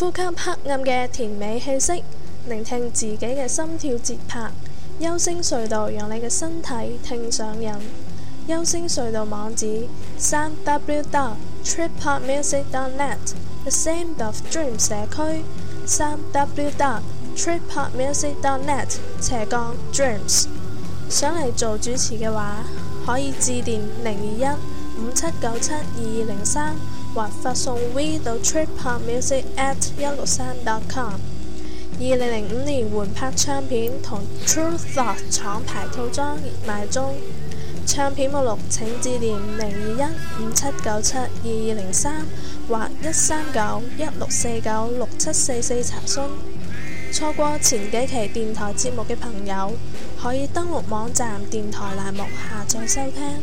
呼吸黑暗嘅甜美氣息，聆聽自己嘅心跳節拍。幽聲隧道，讓你嘅身體聽上癮。幽聲隧道網址：www.tripodmusic.net。The Sound of Dreams 社區：www.tripodmusic.net。斜槓 Dreams。想嚟做主持嘅話，可以致電零二一五七九七二二零三。或發送 V 到 triphopmusic@163.com。二零零五年換拍唱片同 TrueThought 廠牌套裝熱賣中，唱片目錄請致電零二一五七九七二二零三或一三九一六四九六七四四查詢。錯過前幾期電台節目嘅朋友，可以登錄網站電台欄目下載收聽。